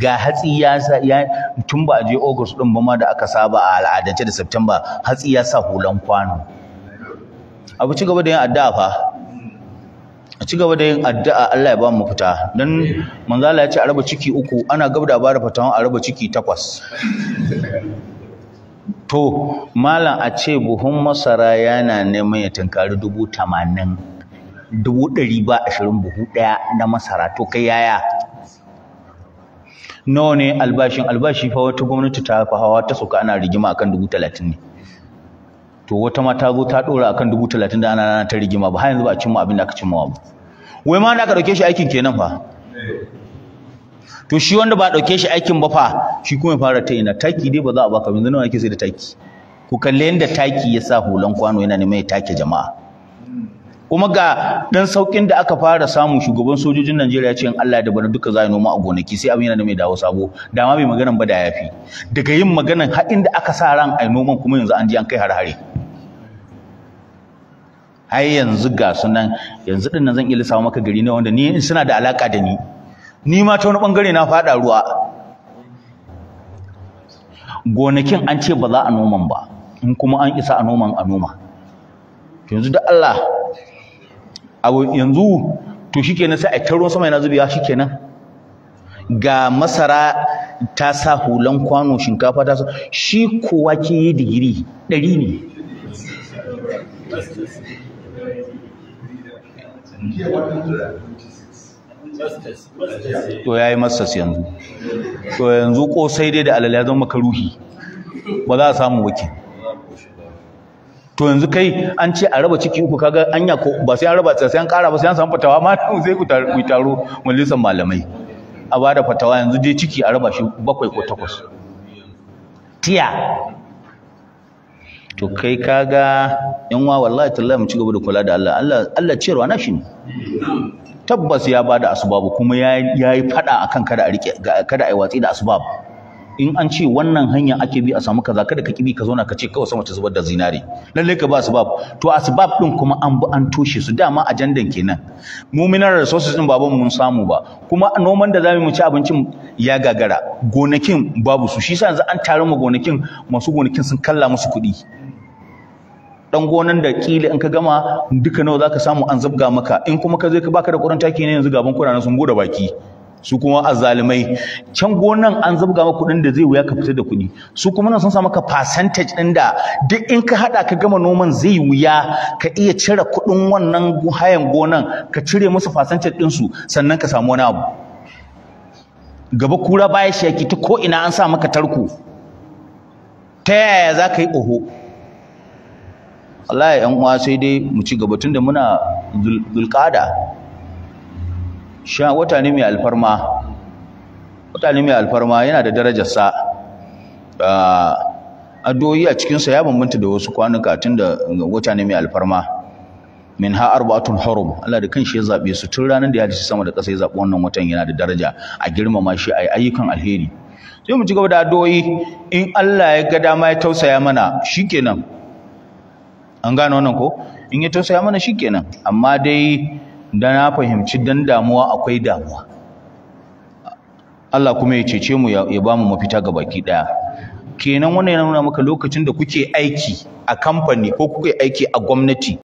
ga hatsi ya sa ya tun ba a je August din ba ma da aka saba a al'adance da September hatsi ya sa hulan kwano abu ci gaba da yin addu'a fa a ci gaba da yin addu'a Allah ya ba mu fita dan manzo Allah ya ce a raba ciki uku ana gaba da bara fatan a raba ciki takwas to malam a ce buhun masara yana neman ya tunkari dubu tamanin dubu ɗari ba ashirin buhu ɗaya na masara to kai yaya nawa ne albashin albashi fa wata gwamnati ta fa hawa ta soka ana rigima akan dubu talatin ne to wata ma ta zo ta dora akan dubu talatin da ana ta rigima ba har yanzu ba a cimma abin da aka cimma ba wai ma da aka dauke shi aikin kenan fa to shi wanda ba dauke shi aikin ba fa shi kuma fara ta ina taki dai ba za a baka yanzu nawa yake sai da taki ku kalle yanda taki ya sa hulan kwano yana neman ya take jama'a kuma ga dan saukin da aka fara samu shugaban sojojin Najeriya ce in Allah da bana duka zai noma a gonaki sai abin yana da mai dawo sabo da ma mai maganan ba da yafi daga yin maganan har inda aka sa ran ai noman kuma yanzu an ji an kai har hare ai yanzu ga sunan yanzu din nan zan iya lissawa maka gari ne wanda ni suna da alaka da ni ni ma ta wani bangare na fada ruwa gonakin an ce ba za a noman ba in kuma an isa a noman a noma yanzu da Allah abu yanzu to shikenan sai a ruwan sama yana zubewa shikenan ga masara ta sa hulan kwano shinkafa ta sa shi kowa ke yi digiri ɗari ne to ya yi masas yanzu to yanzu ko sai dai da alal ya zama makaruhi ba za a samu wakil to yanzu kai an ce a raba ciki uku kaga anya ko ba sai an raba sai an kara ba sai an samu fatawa ma sai ku taro majalisar malamai a ba da fatawa yanzu dai ciki a raba shi bakwai ko takwas tiya to kai kaga in wa wallahi tallahi mu ci gaba da kula da Allah Allah Allah ciyarwa na shi ne tabbas ya bada asbabu kuma ya yi fada akan kada a rike kada ai watsi da asbabu in an ce wannan hanya ake bi a samu kaza kada ka kibi ka zauna ka ce kawai sama ta zubar da zinari. Lallai ka ba bab to asbab din kuma an bu an toshe su dama ajandan kenan muminan resources din baban mun samu ba kuma noman da zamu mu ci abincin ya gagara gonakin babu su shi yasa yanzu an tare mu gonakin masu gonakin sun kalla musu kuɗi dan gonan da kila in ka gama duka nawa zaka samu an zubga maka in kuma ka zo ka baka da kuran taki ne yanzu gaban kurana sun gode baki su kuma azzalumai can gonan an zabga maka kuɗin da zai wuya ka fitar da kuɗi su kuma nan sun sa maka percentage ɗin da duk in ka haɗa ka gama noman zai wuya ka iya cire kuɗin wannan hayan gonan ka cire musu percentage ɗinsu sannan ka samu wani abu gaba kura baya shaki ta ko ina an sa maka tarko ta yaya za ka yi oho Allah ya yan uwa sai dai mu ci gaba tunda muna zulqada. wata ne mai alfarma yana da darajarsa sa a cikinsa ya bambanta da wasu kwanuka tun da wata ne mai alfarma min ha arba'atun hurum Allah da kanshi ya zabe su tun ranar da ya ji sama da ƙasa ya zabi wannan watan yana da daraja a girmama shi a ayyukan alheri sai mu ci gaba da adoyi in Allah ya ga dama ya tausaya mana shikenan an gane wannan ko in ya tausaya mana kenan. amma dai da na fahimci dan damuwa akwai damuwa Allah kuma ya cece mu ya ba mu mafita ga baki daya kenan wannan ya nuna maka lokacin da kuke aiki a kamfani ko kuke aiki a gwamnati